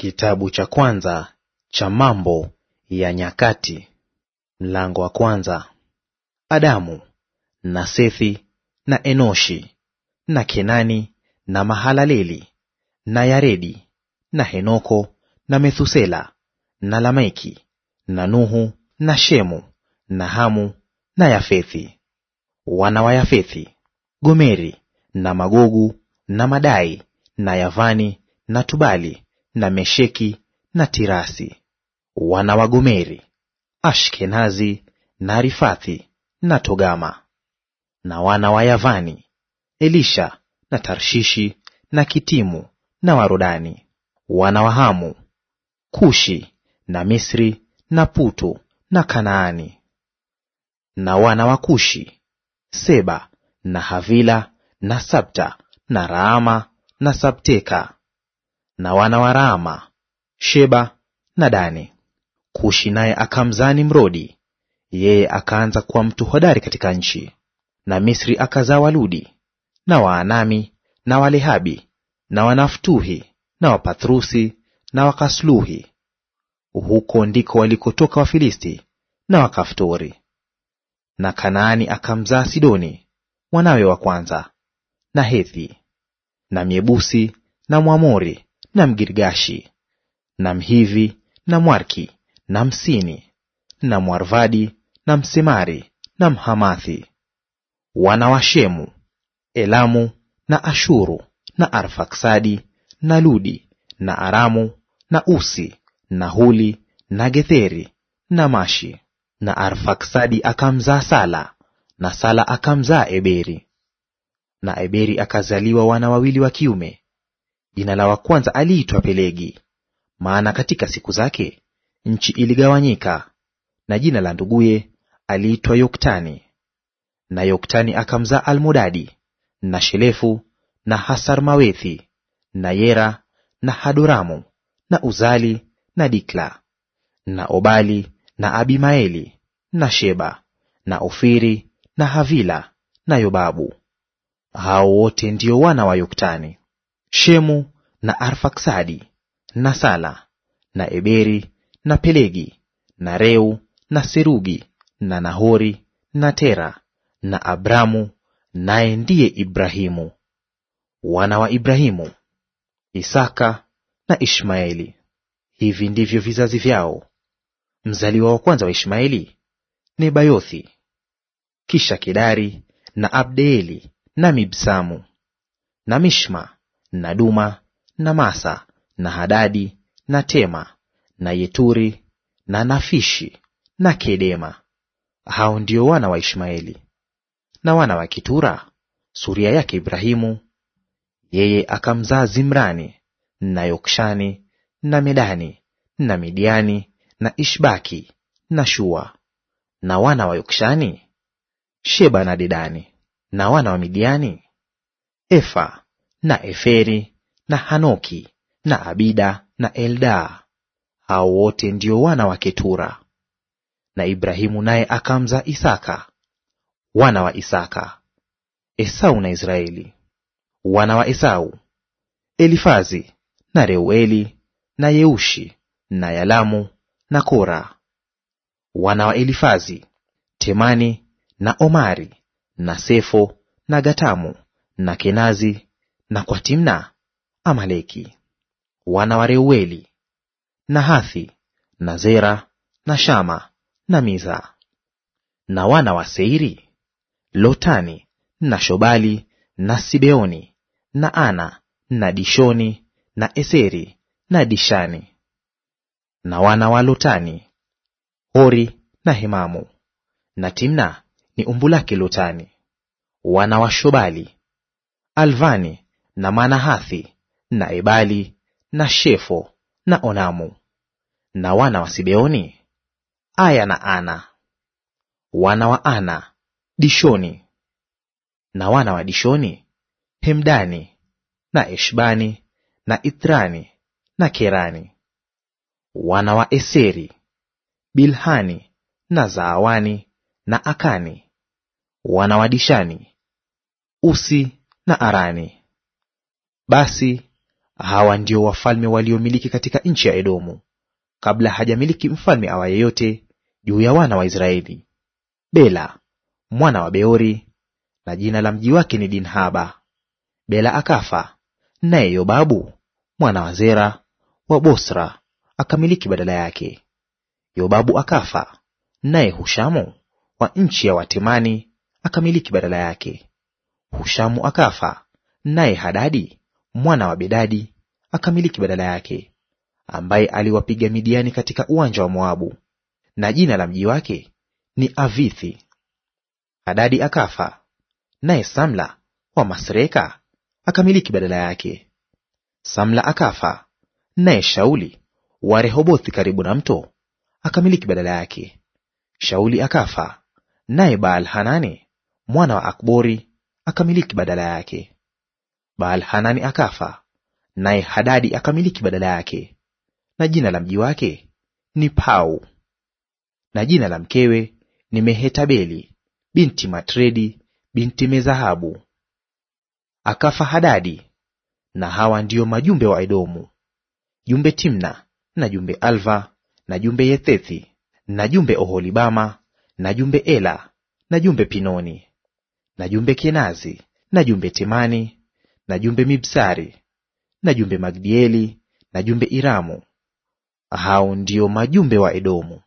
Kitabu cha kwanza cha Mambo ya Nyakati, mlango wa kwanza. Adamu na Sethi na Enoshi na Kenani na Mahalaleli na Yaredi na Henoko na Methusela na Lameki na Nuhu na Shemu na Hamu na Yafethi. Wana wa Yafethi: Gomeri na Magogu na Madai na Yavani na Tubali na Mesheki na Tirasi. Wana wa Gomeri, Ashkenazi na Rifathi na Togama. Na wana wa Yavani, Elisha na Tarshishi na Kitimu na Warodani. Wana wa Hamu, Kushi na Misri na Putu na Kanaani. Na wana wa Kushi, Seba na Havila na Sabta na Raama na Sabteka na wana wa Raama, Sheba na Dani. Kushi naye akamzani Mrodi, yeye akaanza kuwa mtu hodari katika nchi. Na Misri akazaa Waludi na Waanami na Walehabi na Wanaftuhi na Wapatrusi na Wakasluhi. Huko ndiko walikotoka Wafilisti na Wakaftori. Na Kanaani akamzaa Sidoni mwanawe wa kwanza, na Hethi na Myebusi na Mwamori na Mgirgashi na Mhivi na Mwarki na Msini na Mwarvadi na Msemari na Mhamathi; wana wa Shemu, Elamu na Ashuru na Arfaksadi na Ludi na Aramu na Usi na Huli na Getheri na Mashi. Na Arfaksadi akamzaa Sala, na Sala akamzaa Eberi. Na Eberi akazaliwa wana wawili wa kiume Jina la wa kwanza aliitwa Pelegi, maana katika siku zake nchi iligawanyika. Na jina la nduguye aliitwa Yoktani. Na Yoktani akamzaa Almodadi na Shelefu na Hasarmawethi na Yera na Hadoramu na Uzali na Dikla na Obali na Abimaeli na Sheba na Ofiri na Havila na Yobabu. Hao wote ndio wana wa Yoktani. Shemu na Arfaksadi na Sala na Eberi na Pelegi na Reu na Serugi na Nahori na Tera na Abramu, naye ndiye Ibrahimu. Wana wa Ibrahimu Isaka na Ishmaeli. Hivi ndivyo vizazi vyao. Mzaliwa wa kwanza wa Ishmaeli Nebayothi, kisha Kedari na Abdeeli na Mibsamu na Mishma na Duma na Masa na Hadadi na Tema na Yeturi na Nafishi na Kedema. Hao ndio wana wa Ishmaeli. Na wana wa kitura suria yake Ibrahimu, yeye akamzaa Zimrani na Yokshani na Medani na Midiani na Ishbaki na Shua. Na wana wa Yokshani, Sheba na Dedani. Na wana wa Midiani, Efa na Eferi na Hanoki na Abida na Eldaa; hao wote ndio wana wa Ketura. Na Ibrahimu naye akamza Isaka. Wana wa Isaka: Esau na Israeli. Wana wa Esau: Elifazi na Reueli na Yeushi na Yalamu na Kora. Wana wa Elifazi: Temani na Omari na Sefo na Gatamu na Kenazi na kwa Timna Amaleki. Wana wa Reueli Nahathi na Zera na Shama na Miza. Na wana wa Seiri Lotani na Shobali na Sibeoni na Ana na Dishoni na Eseri na Dishani. Na wana wa Lotani Hori na Hemamu. Na Timna ni umbu lake Lotani. Wana wa Shobali Alvani na Manahathi na Ebali na Shefo na Onamu. Na wana wa Sibeoni, Aya na Ana. Wana wa Ana, Dishoni. Na wana wa Dishoni, Hemdani na Eshbani na Itrani na Kerani. Wana wa Eseri, Bilhani na Zaawani na Akani. Wana wa Dishani, Usi na Arani. Basi hawa ndio wafalme waliomiliki katika nchi ya Edomu, kabla hajamiliki mfalme awa yeyote juu ya wana wa Israeli: Bela mwana wa Beori, na jina la mji wake ni Dinhaba. Bela akafa, naye Yobabu mwana wa Zera wa Bosra akamiliki badala yake. Yobabu akafa, naye Hushamu wa nchi ya Watemani akamiliki badala yake. Hushamu akafa, naye Hadadi mwana wa Bedadi akamiliki badala yake, ambaye aliwapiga Midiani katika uwanja wa Moabu, na jina la mji wake ni Avithi. Hadadi akafa, naye Samla wa Masreka akamiliki badala yake. Samla akafa, naye Shauli wa Rehobothi karibu na mto akamiliki badala yake. Shauli akafa, naye Baal Hanani mwana wa Akbori akamiliki badala yake. Baal-Hanani akafa, naye Hadadi akamiliki badala yake, na jina la mji wake ni Pau, na jina la mkewe ni Mehetabeli binti Matredi binti Mezahabu. Akafa Hadadi, na hawa ndiyo majumbe wa Edomu: jumbe Timna na jumbe Alva na jumbe Yethethi na jumbe Oholibama na jumbe Ela na jumbe Pinoni na jumbe Kenazi na jumbe Temani na jumbe Mibsari na jumbe Magdieli na jumbe Iramu. Hao ndio majumbe wa Edomu.